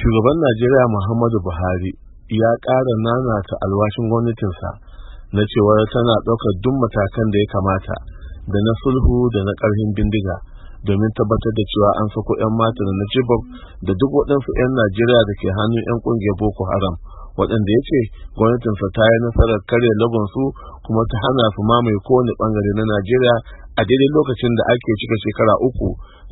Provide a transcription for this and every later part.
shugaban najeriya muhammadu buhari ya ƙara nanata alwashin gwamnatinsa na cewar tana ɗaukar duk matakan da ya kamata da na sulhu da na ƙarfin bindiga domin tabbatar da cewa an sako 'yan mata na jibok da duk waɗansu 'yan najeriya da ke hannun 'yan ƙungiyar boko haram waɗanda ya ce gwamnatinsa ta yi nasarar karya lagonsu kuma ta hana su mamaye kowane ɓangare na najeriya a daidai lokacin da ake cika shekara uku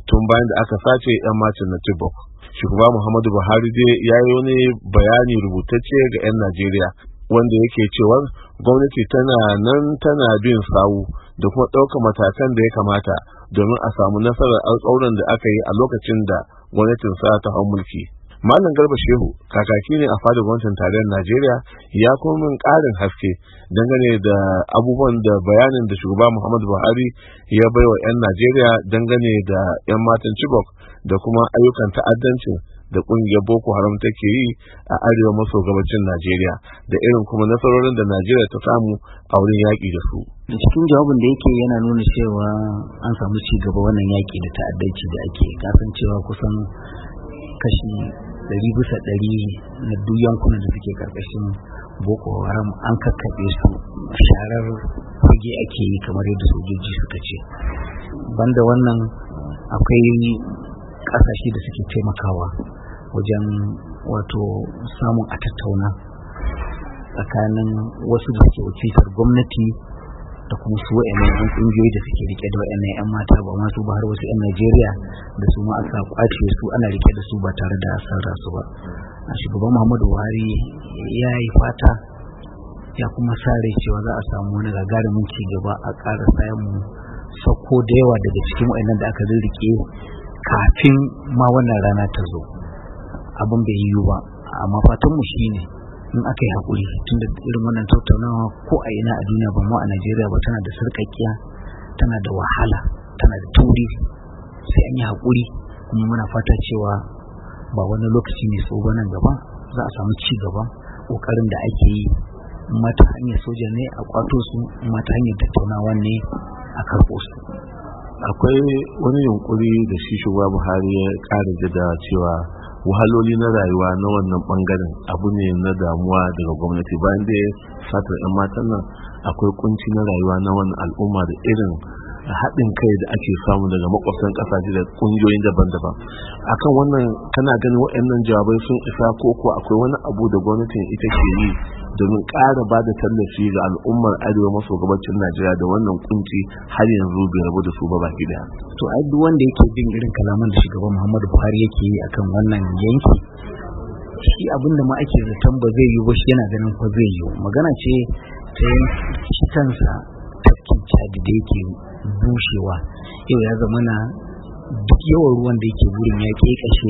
tun bayan da aka sace 'yan matan na tibok shugaba muhammadu buhari dai ya yi wani bayani rubutacce ga 'yan najeriya wanda yake cewar gwamnati tana nan tana bin sawu da kuma ɗaukar matakan da ya kamata domin a samu nasarar alƙawuran da aka yi a lokacin da gwamnatin sa ta hau mulki. Malam Garba Shehu kakaki ne a fadar gwamnatin tarayyar Najeriya ya kuma min karin haske dangane da abubuwan da bayanin da shugaba Muhammadu Buhari ya baiwa 'yan Najeriya dangane da 'yan matan Chibok da kuma ayyukan ta'addancin da kungiyar Boko Haram take yi a arewa maso gabacin Najeriya da irin kuma nasarorin da Najeriya ta samu a wurin yaƙi da su. Da cikin jawabin da yake yana nuna cewa an samu ci gaba wannan yaƙi da ta'addanci da ake kasancewa kusan kashi ɗari bisa ɗari na duk yankunan da suke ƙarƙashin boko haram an kakkaɓe su sharar fage ake yi kamar yadda sojoji suka ce banda wannan akwai ƙasashe da suke taimakawa wajen wato samun a tattauna tsakanin wasu da suke wakiltar gwamnati da kuma su wa'annan yan kungiyoyi da suke rike da wa'annan yan mata ba ma su ba har wasu yan Najeriya da su ma aka kwace su ana rike da su ba tare da asar su ba shugaban Muhammadu Buhari ya yi fata ya kuma sare cewa za a samu wani gagarumin ci gaba a ƙara samun sako da yawa daga cikin wa'annan da aka zirrike kafin ma wannan rana ta zo abin bai yiwu ba amma fatan mu shine in aka yi haƙuri tun da irin wannan tattaunawa ko a ina a duniya ba mu a najeriya ba tana da sarƙaƙiya tana da wahala tana da tauri sai an yi haƙuri kuma muna fata cewa ba wani lokaci ne so nan gaba za a samu ci gaba ƙoƙarin da ake yi mata hanyar soja ne a kwato su mata hanyar tattaunawa ne a karɓo su akwai wani yunkuri da shi shugaba buhari ya ƙara jadawa cewa wahaloli na rayuwa na wannan bangaren abu ne na damuwa daga gwamnati bayan da satar 'yan matan nan akwai kunci na rayuwa na wannan al'umma da irin haɗin kai da ake samu daga makwabtan ƙasashe da ƙungiyoyin daban-daban akan wannan kana ganin waɗannan jawabai sun isa ko ko akwai wani abu da gwamnatin ita ke yi domin ƙara ba da tallafi ga al'ummar arewa maso gabacin najeriya da wannan kunci har yanzu bai rabu da su ba baki daya to a duk wanda yake bin irin kalaman da shugaban muhammadu buhari yake yi akan wannan yanki shi abin da ma ake zaton ba zai yi ba shi yana ganin ko zai yi magana ce ta yin kansa tafkin cadi da yake bushewa yau ya zama na duk yawan ruwan da yake wurin ya ke kashe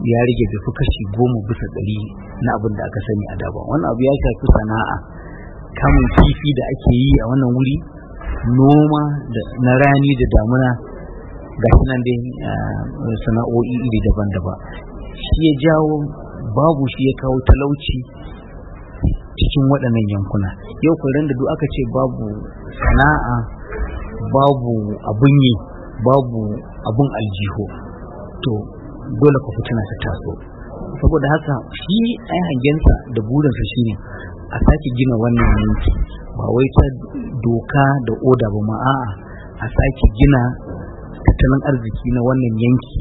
ya rage da fi kashi goma bisa ɗari na abin da aka sani a daba wannan abu ya shafi sana'a kamun kifi da ake yi a wannan wuri noma na rani da damuna ga nan dai sana'o'i iri daban-daban shi ya jawo babu shi ya kawo talauci cikin waɗannan yankuna yau kullum da duk aka ce babu sana'a babu abun yi babu abun aljihu to dole fi fitina ta taso saboda haka shi ai hangensa da burinsa shine a sake gina wannan yanki ba wai ta doka da oda ba ma a sake gina tattalin arziki na wannan yanki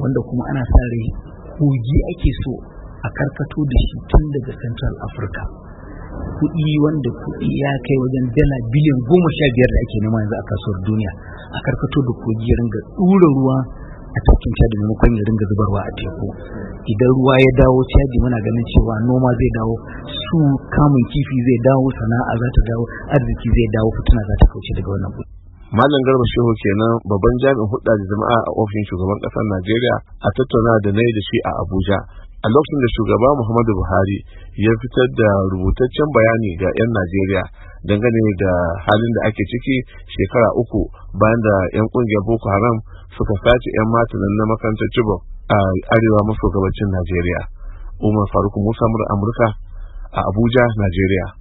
wanda kuma ana sa rai kogi ake so a karkato da shi tun daga central africa kuɗi wanda kuɗi ya kai wajen dala biliyan goma sha biyar da ake nema yanzu a kasuwar duniya a karkato da kogi ringa ɗura ruwa a cikin cadi maimakon ya ringa zubarwa a teku idan ruwa ya dawo cadi muna ganin cewa noma zai dawo su kamun kifi zai dawo sana'a za ta dawo arziki zai dawo fituna za ta kauce daga wannan Malam Garba Shehu kenan babban jami'in hudda da jama'a a ofishin shugaban ƙasar Najeriya a tattauna da na da shi a Abuja. a lokacin da shugaba muhammadu buhari ya fitar da rubutaccen bayani ga 'yan najeriya dangane da halin da ake ciki shekara uku bayan da 'yan kungiyar boko haram suka sace 'yan matanan na makarantar chibok a arewa maso gabacin najeriya umar faruk musa amurka a abuja najeriya